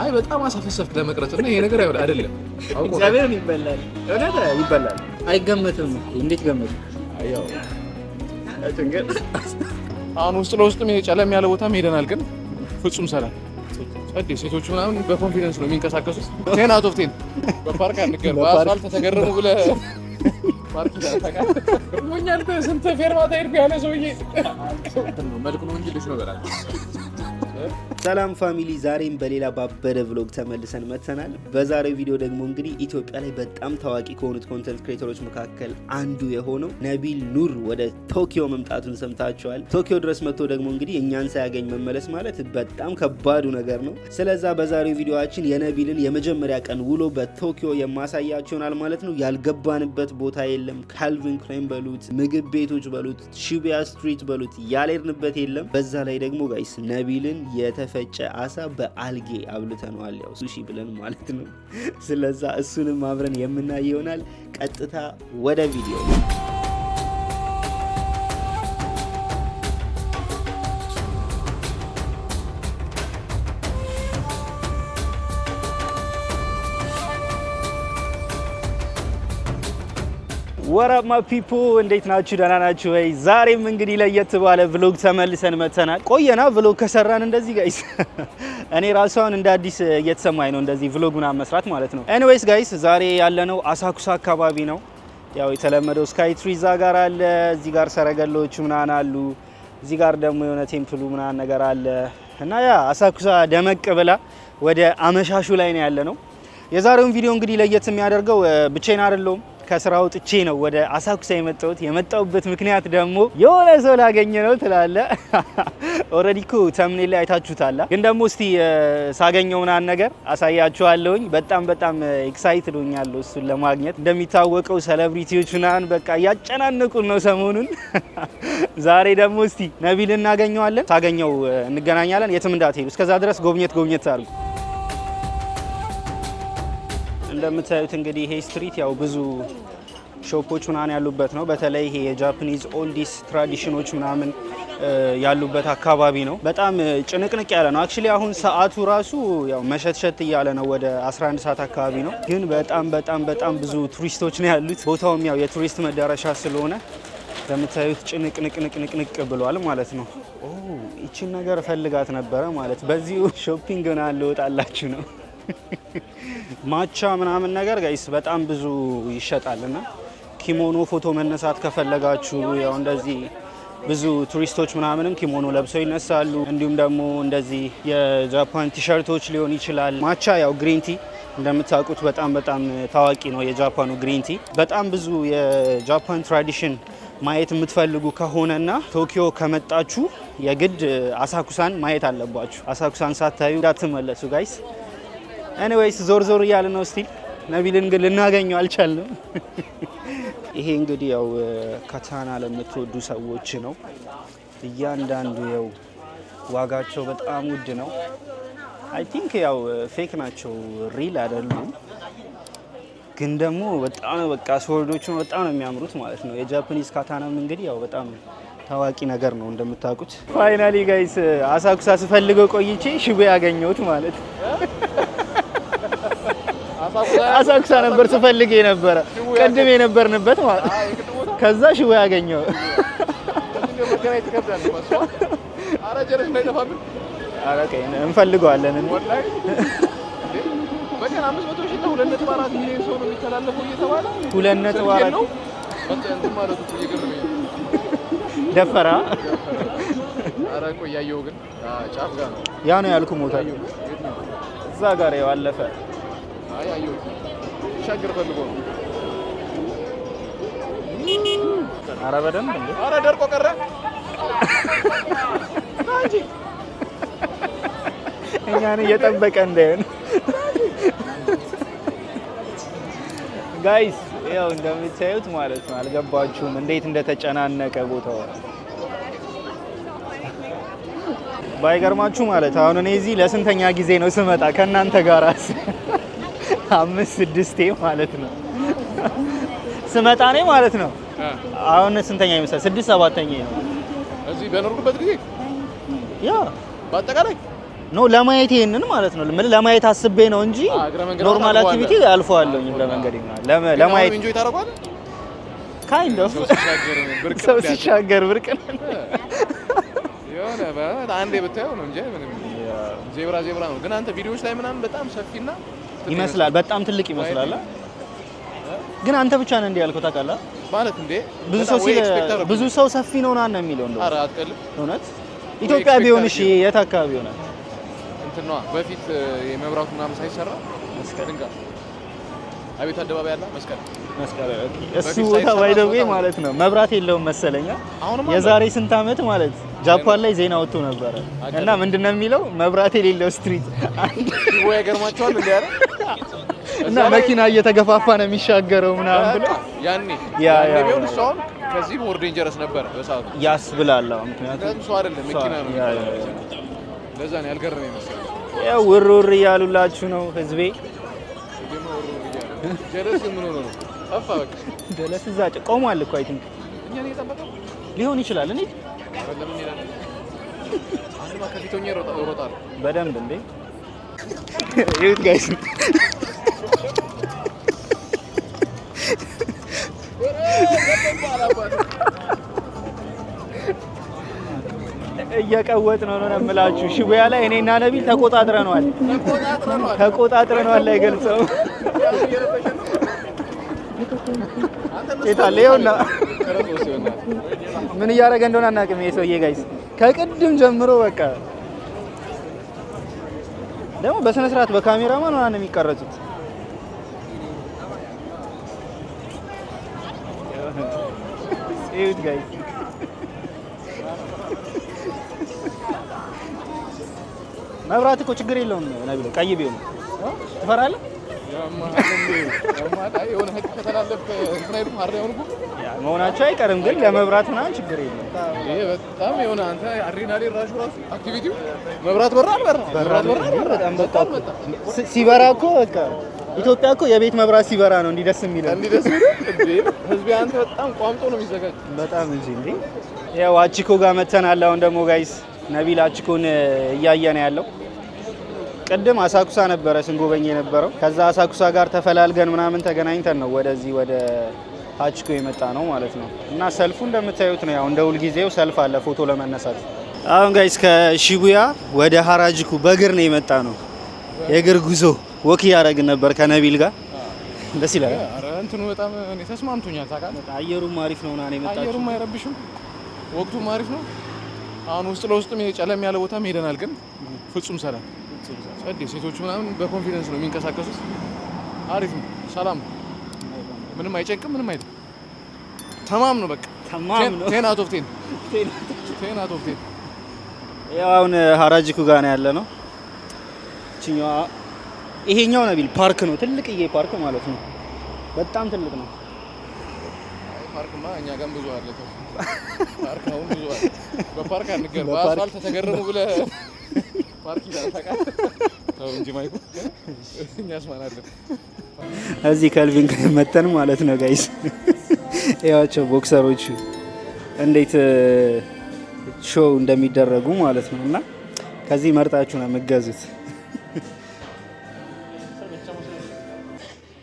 አይ በጣም አሳፈሰፍክ ለመቅረት እና ይሄ ነገር አይወድ አይደለም። እግዚአብሔርን ይበላል፣ እውነት ይበላል። አይገመትም። እንዴት ገመት? ያው አሁን ውስጥ ለውስጥ ጨለም ያለ ቦታ ሄደናል፣ ግን ፍጹም ሰላም ጸዴ። ሴቶቹ ምናምን በኮንፊደንስ ነው የሚንቀሳቀሱት። ቴን አውት ኦፍ ቴን። በፓርክ አንገር በአስፋልት ተገረሙ ብለ ፓርክ ስንት ፌርማታ ሄድኩ ያለ ሰውዬ መልኩ ነው እንጂ ልጅ ነው በላቸው ሰላም ፋሚሊ፣ ዛሬም በሌላ ባበደ ብሎግ ተመልሰን መጥተናል። በዛሬው ቪዲዮ ደግሞ እንግዲህ ኢትዮጵያ ላይ በጣም ታዋቂ ከሆኑት ኮንተንት ክሬተሮች መካከል አንዱ የሆነው ነቢል ኑር ወደ ቶኪዮ መምጣቱን ሰምታችኋል። ቶኪዮ ድረስ መጥቶ ደግሞ እንግዲህ እኛን ሳያገኝ መመለስ ማለት በጣም ከባዱ ነገር ነው። ስለዛ በዛሬው ቪዲዮችን የነቢልን የመጀመሪያ ቀን ውሎ በቶኪዮ የማሳያችሁ ይሆናል ማለት ነው። ያልገባንበት ቦታ የለም። ካልቪን ክሬን በሉት፣ ምግብ ቤቶች በሉት፣ ሺቢያ ስትሪት በሉት ያልሄድንበት የለም። በዛ ላይ ደግሞ ጋይስ ነቢልን የተፈጨ አሳ በአልጌ አብልተነዋል። ያው ሱሺ ብለን ማለት ነው። ስለዛ እሱንም አብረን የምናይ ይሆናል። ቀጥታ ወደ ቪዲዮ ወራማ ፒፖ እንዴት ናችሁ? ደህና ናችሁ ወይ? ዛሬም እንግዲህ ለየት ባለ ቭሎግ ተመልሰን መተናል። ቆየና ቭሎግ ከሰራን እንደዚህ ጋይስ፣ እኔ ራሷን እንደ አዲስ እየተሰማኝ ነው እንደዚህ ቭሎግ ምናምን መስራት ማለት ነው። ኤኒዌይስ ጋይስ፣ ዛሬ ያለነው አሳኩሳ አካባቢ ነው። ያው የተለመደው ስካይ ትሪ እዛ ጋር አለ፣ እዚህ ጋር ሰረገሎቹ ምናምን አሉ፣ እዚህ ጋር ደግሞ የሆነ ቴምፕሉ ምናምን ነገር አለ እና ያ አሳኩሳ ደመቅ ብላ ወደ አመሻሹ ላይ ነው ያለነው። የዛሬውን ቪዲዮ እንግዲህ ለየት የሚያደርገው ብቻዬን አይደለሁም ከስራ ወጥቼ ነው ወደ አሳኩሳ የመጣሁት። የመጣሁበት ምክንያት ደግሞ የሆነ ሰው ላገኘ ነው ትላለ። ኦልሬዲ እኮ ተምኔ ላይ አይታችሁታላ። ግን ደግሞ እስቲ ሳገኘው ምናምን ነገር አሳያችኋለሁኝ። በጣም በጣም ኤክሳይትድ ሆኛለሁ እሱን ለማግኘት። እንደሚታወቀው ሴሌብሪቲዎች ምናምን በቃ እያጨናነቁን ነው ሰሞኑን። ዛሬ ደግሞ እስቲ ነቢል እናገኘዋለን። ሳገኘው እንገናኛለን። የትም እንዳትሄዱ። እስከዛ ድረስ ጎብኘት ጎብኘት አድርጉ። እንደምታዩት እንግዲህ ይሄ ስትሪት ያው ብዙ ሾፖች ምናምን ያሉበት ነው። በተለይ ይሄ የጃፓኒዝ ኦልዲስ ትራዲሽኖች ምናምን ያሉበት አካባቢ ነው። በጣም ጭንቅንቅ ያለ ነው። አክቹሊ አሁን ሰዓቱ ራሱ ያው መሸትሸት እያለ ነው። ወደ 11 ሰዓት አካባቢ ነው። ግን በጣም በጣም በጣም ብዙ ቱሪስቶች ነው ያሉት። ቦታውም ያው የቱሪስት መዳረሻ ስለሆነ እንደምታዩት ጭንቅንቅንቅንቅ ብሏል ማለት ነው። ይችን ነገር እፈልጋት ነበረ ማለት በዚሁ ሾፒንግ ና ልወጣላችሁ ነው ማቻ ምናምን ነገር ጋይስ በጣም ብዙ ይሸጣልና ኪሞኖ ፎቶ መነሳት ከፈለጋችሁ ያው እንደዚህ ብዙ ቱሪስቶች ምናምንም ኪሞኖ ለብሰው ይነሳሉ። እንዲሁም ደግሞ እንደዚህ የጃፓን ቲሸርቶች ሊሆን ይችላል። ማቻ ያው ግሪንቲ እንደምታውቁት በጣም በጣም ታዋቂ ነው የጃፓኑ ግሪንቲ። በጣም ብዙ የጃፓን ትራዲሽን ማየት የምትፈልጉ ከሆነና ቶኪዮ ከመጣችሁ የግድ አሳኩሳን ማየት አለባችሁ። አሳኩሳን ሳታዩ እንዳትመለሱ ጋይስ። ኤኒዌይስ ዞር ዞር እያለ ነው ስቲል ነቢልን ግን ልናገኘው አልቻልንም። ይሄ እንግዲህ ያው ካታና ለምትወዱ ሰዎች ነው። እያንዳንዱ ያው ዋጋቸው በጣም ውድ ነው። አይ ቲንክ ያው ፌክ ናቸው ሪል አይደሉም። ግን ደግሞ በጣም በቃ ስወርዶቹ በጣም ነው የሚያምሩት ማለት ነው። የጃፓኒዝ ካታናም እንግዲህ ያው በጣም ታዋቂ ነገር ነው እንደምታውቁት። ፋይናሊ ጋይስ አሳኩሳ ስፈልገው ቆይቼ ሽቦ ያገኘሁት ማለት አሳኩሳ ነበር ስፈልግ የነበረ ቅድም የነበርንበት ማለት ከዛ ሽቦ ያገኘው እንፈልገዋለን። ሁለት ነጥብ አራት ደፈራ ያ ነው ያልኩ ሞታ እዛ ጋር ያው አለፈ። አይ አየሁት። ሻገር ፈልጎ ነው። ኧረ በደንብ እንደ ኧረ ደርቆ ቀረ እንጂ እኛን እየጠበቀ እንዳይሆን ጋይስ ያው እንደምታዩት ማለት ነው። አልገባችሁም እንዴት እንደተጨናነቀ ቦታው ባይገርማችሁ ማለት አሁን እኔ እዚህ ለስንተኛ ጊዜ ነው ስመጣ ከእናንተ ጋር አምስት ስድስቴ ማለት ነው ስመጣ እኔ ማለት ነው። አሁን ስንተኛ ይመስላል? ስድስት ሰባተኛ ነው እዚህ በኖርኩበት ጊዜ ያ በአጠቃላይ ኖ ለማየት ይሄንን ማለት ነው ምን ለማየት አስቤ ነው እንጂ ኖርማል አክቲቪቲ አልፈዋለሁኝ እግረ መንገድ ለማየት ኢንጆይ ታረጋለህ። ካይንድ ኦፍ ሰው ሲሻገር ብርቅ ነን የሆነ በአንዴ ብታየው ነው እንጂ ምንም ዜብራ ዜብራ ነው። ግን አንተ ቪዲዮዎች ላይ ምናምን በጣም ሰፊና ይመስላል። በጣም ትልቅ ይመስላል። ግን አንተ ብቻ ነህ እንዴ ያልከው? ታውቃለህ ማለት እንዴ ብዙ ሰው ሲል ብዙ ሰው ሰፊ ነው ና የሚለው እንደው ኧረ አትቀልም። እውነት ኢትዮጵያ ቢሆን እሺ፣ የት አካባቢ ይሆናል? እንትን ነዋ በፊት የመብራቱ ምናምን ሳይሰራ አቤት አደባባይ አለ መስቀል እሱ ቦታ ባይደዌ ማለት ነው። መብራት የለውም መሰለኛ። የዛሬ ስንት አመት ማለት ጃፓን ላይ ዜና ወጥቶ ነበረ እና ምንድን ነው የሚለው መብራት የሌለው ስትሪት ወይ ገርማቸዋል እንዴ እና መኪና እየተገፋፋ ነው የሚሻገረው ምናምን ብሎ ያኔ ያ ቢሆን እሱ አሁን ከዚህ ሞር ዴንጀረስ ነበረ በሰዓቱ ያስብላል። ምክንያቱም ሰው አይደለም መኪና ነው። ለዛ ነው ያልገረመኝ መሰለኝ። ያው ውር ውር እያሉላችሁ ነው ህዝቤ ጀለስ ምን ሆኖ ነው? ጠፋ በቃ ጀለስ እዛ ቆሟል እኮ አይ ቲንክ እኛ ነው የጠበቀው ሊሆን ይችላል። እኔ በደንብ እንዴ ይሁት ጋይስ እየቀወጥ ነው ነው የምላችሁ። ሽቡያ ላይ እኔና ነቢል ተቆጣጥረነዋል ተቆጣጥረነዋል ላይ ይታለ ጌታለ ይኸውና ምን እያደረገ እንደሆነ አናውቅም። ይሄ ሰውዬ ጋይስ ከቅድም ጀምሮ በቃ ደግሞ በስነ ስርዓት በካሜራማን ሆና ነው የሚቀረጹት። ይሁት ጋይስ መብራት እኮ ችግር የለውም ነብለ ቀይ ቢሆን ትፈራለህ? መሆናቸው አይቀርም ግን ለመብራት ምናምን ችግር የለም። ይሄ በጣም የሆነ አንተ አድሬናሊን ራሱ ራሱ አክቲቪቲው መብራት በራ አልበራ ሲበራ እኮ በቃ ኢትዮጵያ እኮ የቤት መብራት ሲበራ ነው እንዲህ ደስ የሚለው እንዲህ ደስ የሚለው እንዴ! ህዝብ አንተ በጣም ቋምጦ ነው የሚዘጋጅ በጣም እንጂ እንዴ! ያው አቺኮ ጋር መተናል። አሁን ደግሞ ጋይስ ነቢል አችኮን ነው ያለው ቅድም አሳኩሳ ነበረ ስንጎበኝ የነበረው። ከዛ አሳኩሳ ጋር ተፈላልገን ምናምን ተገናኝተን ነው ወደዚህ ወደ አችኮ የመጣ ነው ማለት ነው። እና ሰልፉ እንደምታዩት ነው። ያው እንደ ሁልጊዜው ሰልፍ አለ ፎቶ ለመነሳት። አሁን ጋይስ ከሺቡያ ወደ ሀራጅኩ በእግር ነው የመጣ ነው። የእግር ጉዞ ወክ እያደረግን ነበር ከነቢል ጋር። ደስ ይላል። እንትኑ በጣም ተስማምቶኛል። ታውቃለህ፣ አየሩም አሪፍ ነው። ና ነው የመጣ አየሩም አይረብሽም። ወቅቱም አሪፍ ነው። አሁን ውስጥ ለውስጥ ጨለም ያለ ቦታም ሄደናል፣ ግን ፍጹም ሰላም ጸዴ። ሴቶቹ ምናምን በኮንፊደንስ ነው የሚንቀሳቀሱት። አሪፍ ነው፣ ሰላም ነው፣ ምንም አይጨንቅም፣ ምንም አይልም። ተማም ነው፣ በቃ ተማም ነው። ቴን አውት ኦፍ ቴን፣ ቴን አውት ኦፍ ቴን። ያው አሁን ሀራጅኩ ጋር ነው ያለ ነው። ይሄኛው ነቢል ፓርክ ነው፣ ትልቅዬ ፓርክ ማለት ነው። በጣም ትልቅ ነው። ፓርክማ እኛ ጋርም ብዙ አለ። ፓርክ አሁን ብዙ አለ። በፓርክ አንገር በአስፋልት ተገረሙ ብለህ ፓርክ ይላል ተው እንጂ ማይኩ እኛ ማን አለን እዚህ ከልቪን መተን ማለት ነው። ጋይስ ያቸው ቦክሰሮቹ እንዴት ሾው እንደሚደረጉ ማለት ነው። እና ከዚህ መርጣችሁ ነው የምትገዙት።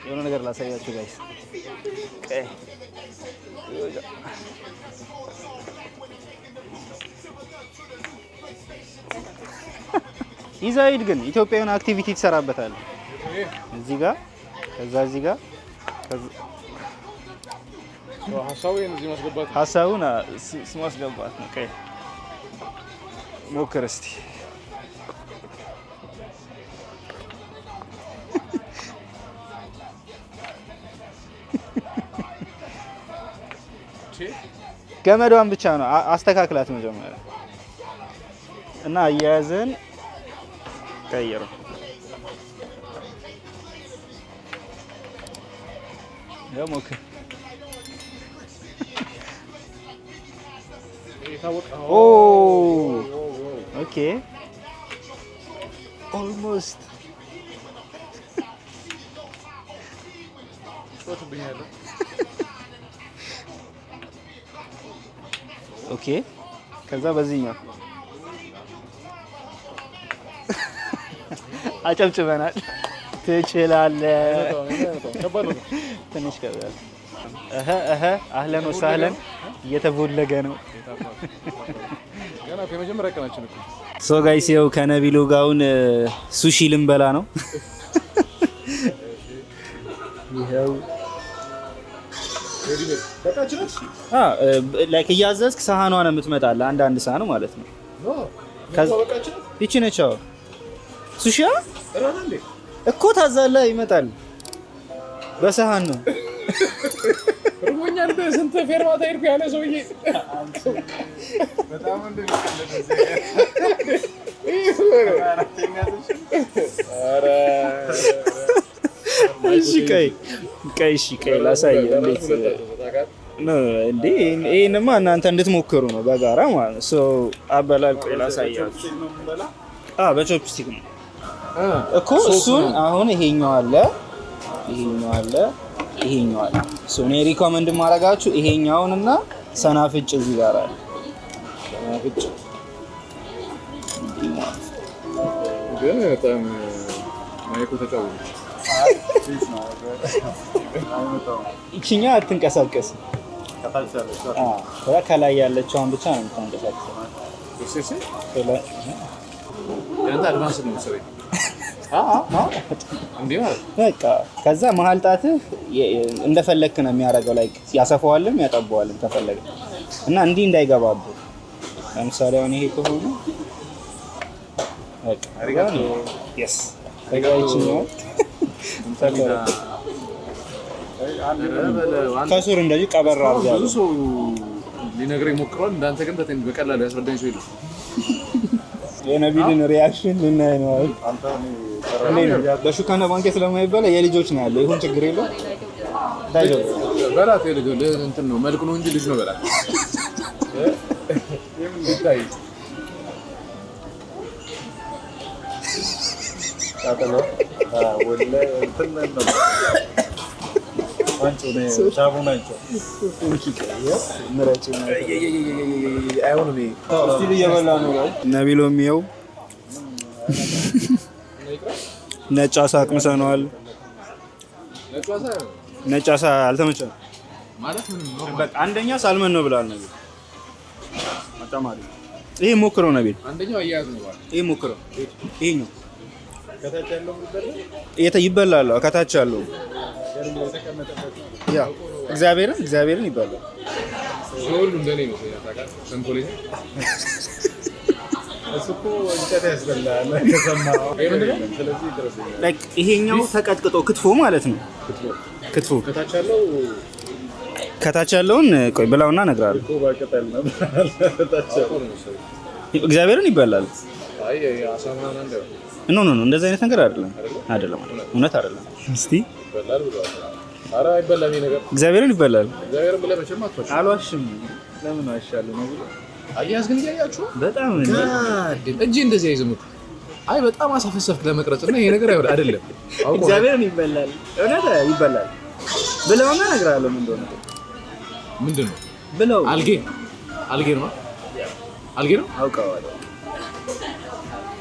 የሆነ ነገር ላሳያችሁ ጋይስ ኢዛይድ ግን ኢትዮጵያዊን አክቲቪቲ ትሰራበታል። እዚህ ጋር ከዛ እዚህ ጋር ሀሳቡን ማስገባት ነው። ሞክር እስቲ ገመዷን ብቻ ነው አስተካክላት መጀመሪያ እና አያያዝህን ቀይሩ። ኦኬ ኦልሞስት ጮትብኛለሁ። ኦኬ። ከዛ በዚህኛው አጨብጭበናል። ትችላለህ። ትንሽ ከበል። አህለን ወሳህለን። እየተቦለገ ነው። ሶ ጋይስ ይኸው ከነቢሉ ጋውን ሱሺ ልንበላ ነው። ይኸው ላይክ እያዘዝክ ሳህኗ ነው የምትመጣልህ። አንዳንድ ሳህኑ ማለት ነው። ይቺ ነች ሱሺያ እኮ ታዛለህ፣ ይመጣል በሰሃን ነው። ሩኛል ስንት ፌርማታ ሄድኩ ያለ ሰውዬ እሺ፣ ቀይ ቀይ እሺ፣ ቀይ ላሳየ። እንዴት እንዴ! ይሄንማ እናንተ እንድትሞክሩ ነው በጋራ ማለት ሰው አበላል። ቆይ ላሳያችሁ። አዎ በቾፕስቲክ ነው እኮ እሱን። አሁን ይሄኛው አለ፣ ይሄኛው አለ፣ ይሄኛው አለ። ሶ እኔ ሪኮመንድ ማረጋችሁ ይሄኛውን እና ሰናፍጭ እዚህ ጋር አለ። ሰናፍጭ ግን በጣም ማይኮ ተጫወተች ይችኛ አትንቀሳቀስ ከላይ ያለችውን ብቻ ነው የምታንቀሳቀሰው። ከዛ መሀል ጣትህ እንደፈለግክ ነው የሚያደርገው። ላይ ያሰፈዋልም ያጠበዋልም ከፈለገ እና እንዲህ እንዳይገባብ ለምሳሌ አሁን ይሄ ከሆነ ከሱር እንደዚህ ቀበራ ብዙ ሰው ሊነግረኝ ሞክሯል። እንዳንተ ግን በቀላሉ ያስረዳኝ ሰው የለም። የነቢልን ሪያክሽን ልናይ ነው። በሹካና ባንኬ ስለማይበላ የልጆች ነው ያለው። ይሁን ችግር የለው ነው መልክ ነው እንጂ ልጅ ነው በላት። ነቢሎ የሚየው ነጭ አሳ አቅምሰነዋል። ነጭ አሳ አልተመቸንም። አንደኛ ሳልመን ነው ብላል ነቢል። ይሄ ሞክረው ነቢል፣ ይሄ ሞክረው ይሄኛው ይበላል። ከታች ያለው ያ እግዚአብሔርን እግዚአብሔርን ይበላል። ይሄኛው ተቀጥቅጦ ክትፎ ማለት ነው። ክትፎ ከታች ያለውን ቆይ ብላውና እነግርሃለሁ። እግዚአብሔርን ይበላል። ኖ ኖ ኖ እንደዚህ አይነት ነገር አይደለም፣ አይደለም፣ እውነት አይደለም። እስቲ እግዚአብሔርን ይበላል። አልዋሽም። ለምን ዋሻለሁ ነው ብሎ አያስ ግን እያያችሁ በጣም እጅ እንደዚህ አይዝም አይ በጣም አሳፈሰፍክ ለመቅረጽ እና ይሄ ነገር አይወድ አይደለም። እግዚአብሔርን ይበላል፣ እውነት ይበላል ብለውና ነገር አለው ምን እንደሆነ ምንድን ነው ብለው አልጌ አልጌ ነው አልጌ ነው አውቀዋለሁ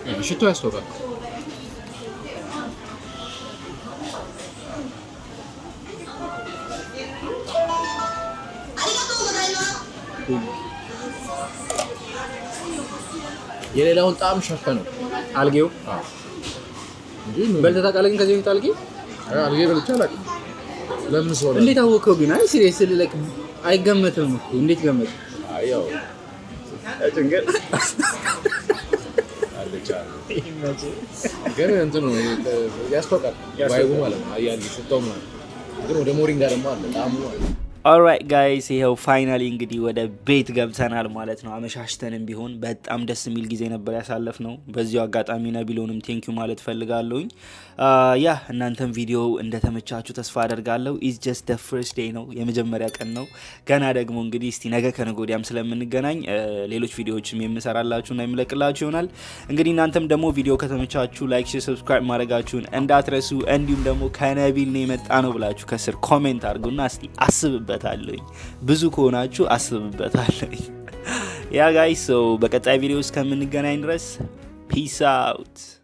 응, 슈토야 소가. የሌላውን ጣዕም ነው አልጌው በልተህ ታውቃለህ? ግን ከዚህ በፊት አልጌ አልጌ በልቼ አላውቅም። ለምን ሰው እንዴት አወቀው? ግን አይ ሲሪየስ ልለቅ አይገመትም እኮ እንዴት ገመት? አይ ያው ጭንገል ይቻላል። ግን ማለት ነው። አያሌ ሽታው ምናምን ግን ወደ ሞሪንጋ ደግሞ አለ ጣዕሙ ማለት ነው ኦልራይት ጋይስ ይኸው ፋይናሊ እንግዲህ ወደ ቤት ገብተናል ማለት ነው። አመሻሽተንም ቢሆን በጣም ደስ የሚል ጊዜ ነበር ያሳለፍ ነው። በዚሁ አጋጣሚ ነቢሎንም ቴንኪዩ ማለት ፈልጋለሁኝ። ያ እናንተም ቪዲዮ እንደተመቻችሁ ተስፋ አደርጋለሁ። ኢስ ጀስት ደ ፍርስት ዴይ ነው፣ የመጀመሪያ ቀን ነው። ገና ደግሞ እንግዲህ እስቲ ነገ ከነገ ወዲያም ስለምንገናኝ ሌሎች ቪዲዮዎችም የምሰራላችሁና የምለቅላችሁ ይሆናል። እንግዲህ እናንተም ደግሞ ቪዲዮ ከተመቻችሁ ላይክ፣ ሼር፣ ሰብስክራይብ ማድረጋችሁን እንዳትረሱ። እንዲሁም ደግሞ ከነቢል ነው የመጣ ነው ብላችሁ ከስር ኮሜንት አድርጉና እስቲ አስብ አስብበታለኝ። ብዙ ከሆናችሁ አስብበታለኝ። ያ ጋይ ሰው በቀጣይ ቪዲዮ እስከምንገናኝ ድረስ ፒስ አውት